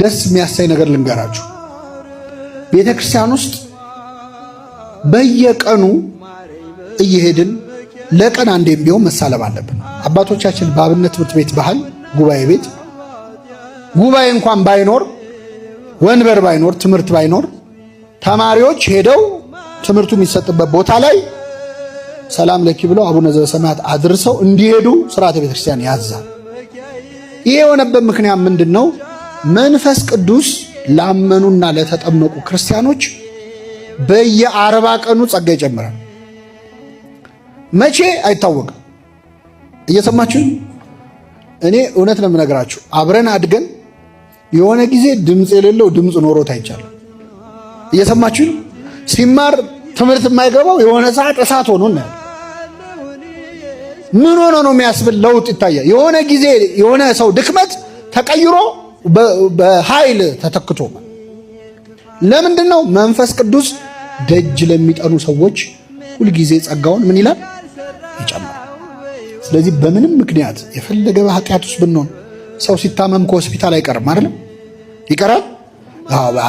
ደስ የሚያሳይ ነገር ልንገራችሁ። ቤተ ክርስቲያን ውስጥ በየቀኑ እየሄድን ለቀን አንዴም ቢሆን መሳለም አለብን። አባቶቻችን በአብነት ትምህርት ቤት ባህል ጉባኤ ቤት ጉባኤ እንኳን ባይኖር ወንበር ባይኖር ትምህርት ባይኖር ተማሪዎች ሄደው ትምህርቱ የሚሰጥበት ቦታ ላይ ሰላም ለኪ ብለው አቡነ ዘበሰማያት አድርሰው እንዲሄዱ ስርዓተ ቤተክርስቲያን ያዛል። ይሄ የሆነበት ምክንያት ምንድን ነው? መንፈስ ቅዱስ ላመኑና ለተጠመቁ ክርስቲያኖች በየአርባ ቀኑ ጸጋ ይጨምራል። መቼ አይታወቅም። እየሰማችሁ እኔ እውነት ነው የምነግራችሁ። አብረን አድገን የሆነ ጊዜ ድምፅ የሌለው ድምፅ ኖሮት አይቻልም። እየሰማችሁ ሲማር ትምህርት የማይገባው የሆነ ሰዓት እሳት ሆኖ ነው ምን ሆኖ ነው የሚያስብል ለውጥ ይታያል። የሆነ ጊዜ የሆነ ሰው ድክመት ተቀይሮ በኃይል ተተክቶ ለምንድን ነው መንፈስ ቅዱስ ደጅ ለሚጠኑ ሰዎች ሁልጊዜ ጸጋውን ምን ይላል ይጨምራል። ስለዚህ በምንም ምክንያት የፈለገ ኃጢአት ውስጥ ብንሆን ሰው ሲታመም ከሆስፒታል አይቀርም አይደለም ይቀራል።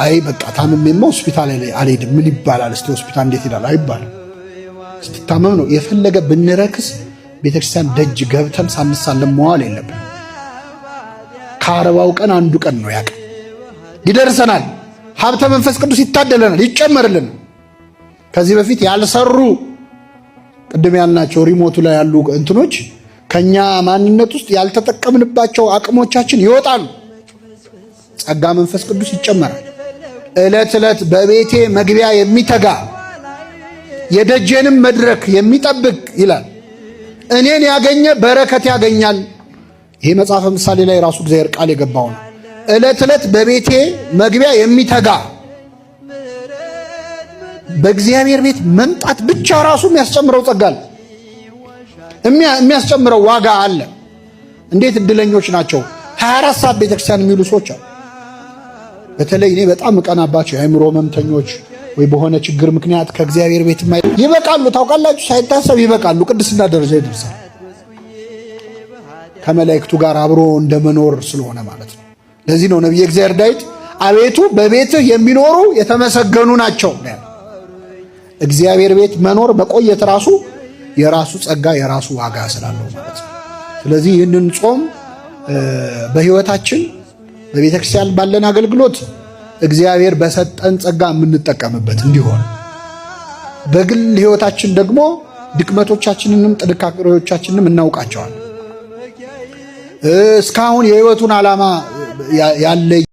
አይ በቃ ታምሜማ ሆስፒታል አልሄድም ምን ይባላል እስቲ ሆስፒታል እንዴት ይላል አይባልም። ስትታመም ነው የፈለገ ብንረክስ ቤተክርስቲያን ደጅ ገብተን ሳንሳለም መዋል የለብን። ከአረባው ቀን አንዱ ቀን ነው። ያ ይደርሰናል። ሀብተ መንፈስ ቅዱስ ይታደለናል፣ ይጨመርልናል። ከዚህ በፊት ያልሰሩ ቅድም ያልናቸው ሪሞቱ ላይ ያሉ እንትኖች ከኛ ማንነት ውስጥ ያልተጠቀምንባቸው አቅሞቻችን ይወጣሉ። ጸጋ መንፈስ ቅዱስ ይጨመራል። ዕለት ዕለት በቤቴ መግቢያ የሚተጋ የደጄንም መድረክ የሚጠብቅ ይላል። እኔን ያገኘ በረከት ያገኛል። ይሄ መጽሐፈ ምሳሌ ላይ ራሱ እግዚአብሔር ቃል የገባው ነው። እለት እለት በቤቴ መግቢያ የሚተጋ በእግዚአብሔር ቤት መምጣት ብቻ ራሱ የሚያስጨምረው ጸጋል የሚያስጨምረው ዋጋ አለ። እንዴት እድለኞች ናቸው! 24 ሰዓት ቤተክርስቲያን የሚሉ ሰዎች አሉ። በተለይ እኔ በጣም እቀናባቸው የአእምሮ ህመምተኞች ወይ በሆነ ችግር ምክንያት ከእግዚአብሔር ቤት ይበቃሉ። ታውቃላችሁ፣ ሳይታሰብ ይበቃሉ፣ ቅድስና ደረጃ ይደርሳል። ከመላእክቱ ጋር አብሮ እንደመኖር ስለሆነ ማለት ነው። ለዚህ ነው ነቢየ እግዚአብሔር ዳዊት አቤቱ በቤትህ የሚኖሩ የተመሰገኑ ናቸው። እግዚአብሔር ቤት መኖር መቆየት ራሱ የራሱ ጸጋ የራሱ ዋጋ ስላለው ማለት ነው። ስለዚህ ይህንን ጾም በህይወታችን በቤተ ክርስቲያን ባለን አገልግሎት እግዚአብሔር በሰጠን ጸጋ የምንጠቀምበት እንዲሆን በግል ህይወታችን ደግሞ ድክመቶቻችንንም ጥንካሬዎቻችንንም እናውቃቸዋለን። እስካሁን የህይወቱን ዓላማ ያለ